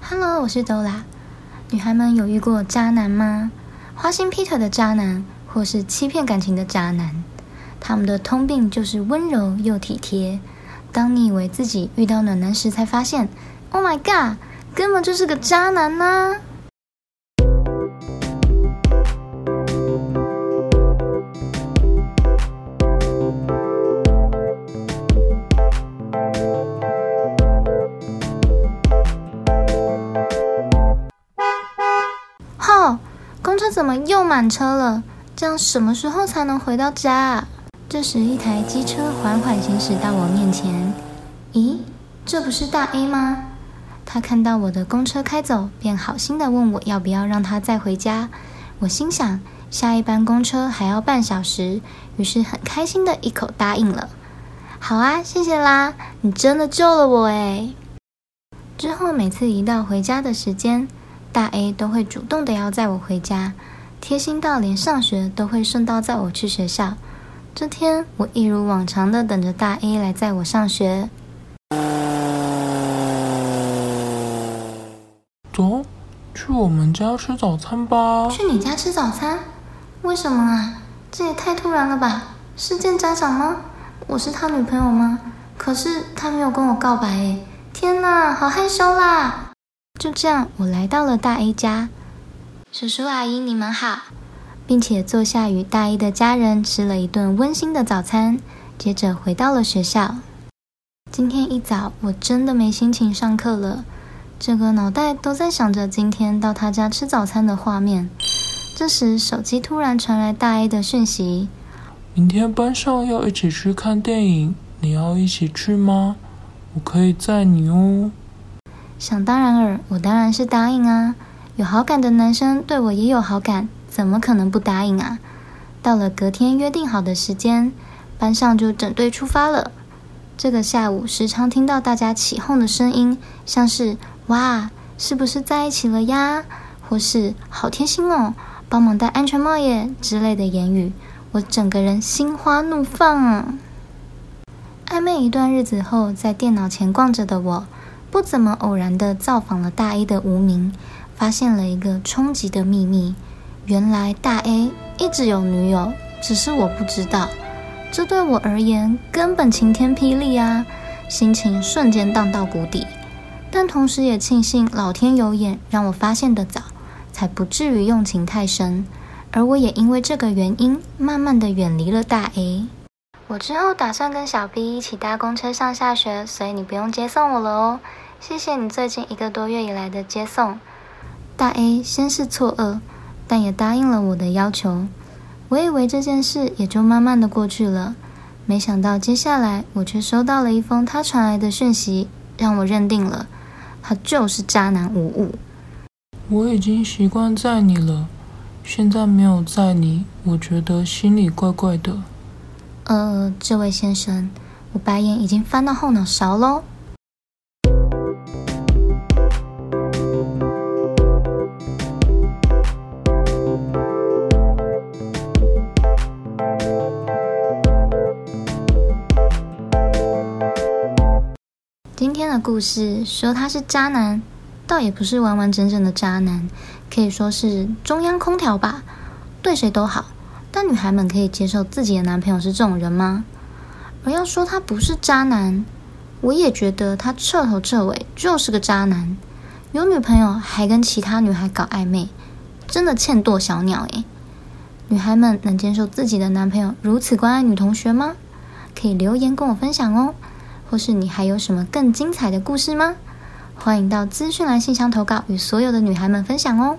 Hello，我是朵拉。女孩們有遇過渣男嗎？花心劈腿的渣男，或是欺騙感情的渣男，他們的通病就是溫柔又體貼。當你以為自己遇到暖男時，才發現，Oh my God，根本就是個渣男呢、啊！怎麼又滿車了？這樣什麼時候才能回到家啊？這時，一台機車緩緩行駛到我面前。咦，這不是大 A 嗎？他看到我的公車開走，便好心的問我要不要讓他載回家。我心想，下一班公車還要半小時，於是很開心的一口答應了。好啊，謝謝啦，你真的救了我哎。之後每次一到回家的時間，大 A 都會主動的要載我回家。貼心到連上學都會順道載我去學校。這天，我一如往常的等着大 A 來載我上學。走，去我們家吃早餐吧。去你家吃早餐？為什麼啊？這也太突然了吧！是見家長嗎？我是他女朋友嗎？可是他沒有跟我告白誒！天哪，好害羞啦！就這樣，我來到了大 A 家。叔叔阿姨，你們好，並且坐下與大一的家人吃了一頓溫馨的早餐，接着回到了學校。今天一早，我真的沒心情上課了，這個腦袋都在想着今天到他家吃早餐的畫面。這時，手機突然傳來大一的訊息：“明天班上要一起去看電影，你要一起去嗎？我可以載你哦。”想當然爾，我當然是答應啊。有好感的男生對我也有好感，怎麼可能不答應啊？到了隔天約定好的時間，班上就整隊出發了。這個下午時常聽到大家起哄的聲音，像是“哇，是不是在一起了呀？”或是“好貼心哦，幫忙戴安全帽耶”之類的言語，我整個人心花怒放啊！曖昧一段日子後，在電腦前逛着的我，不怎麼偶然地造訪了大一的無名。發現了一個衝擊的秘密，原來大 A 一直有女友，只是我不知道。這對我而言根本晴天霹靂啊！心情瞬間蕩到谷底，但同時也慶幸老天有眼，讓我發現得早，才不至於用情太深。而我也因為這個原因，慢慢的遠離了大 A。我之後打算跟小 B 一起搭公車上下學，所以你不用接送我了哦。謝謝你最近一個多月以來的接送。大 A 先是錯愕，但也答應了我的要求。我以為這件事也就慢慢的過去了，沒想到接下來我卻收到了一封他傳來的訊息，讓我認定了他就是渣男無誤。我已經習慣載你了，現在沒有載你，我覺得心裡怪怪的。呃，這位先生，我白眼已經翻到後腦勺嘍。故事說他是渣男，倒也不是完完整整的渣男，可以說是中央空調吧，對誰都好。但女孩們可以接受自己的男朋友是這種人嗎？而要說他不是渣男，我也覺得他徹頭徹尾就是個渣男，有女朋友還跟其他女孩搞曖昧，真的欠剁小鳥誒。女孩們能接受自己的男朋友如此關愛女同學嗎？可以留言跟我分享哦。或是你還有什麼更精彩的故事嗎？歡迎到資訊欄信箱投稿，與所有的女孩們分享哦。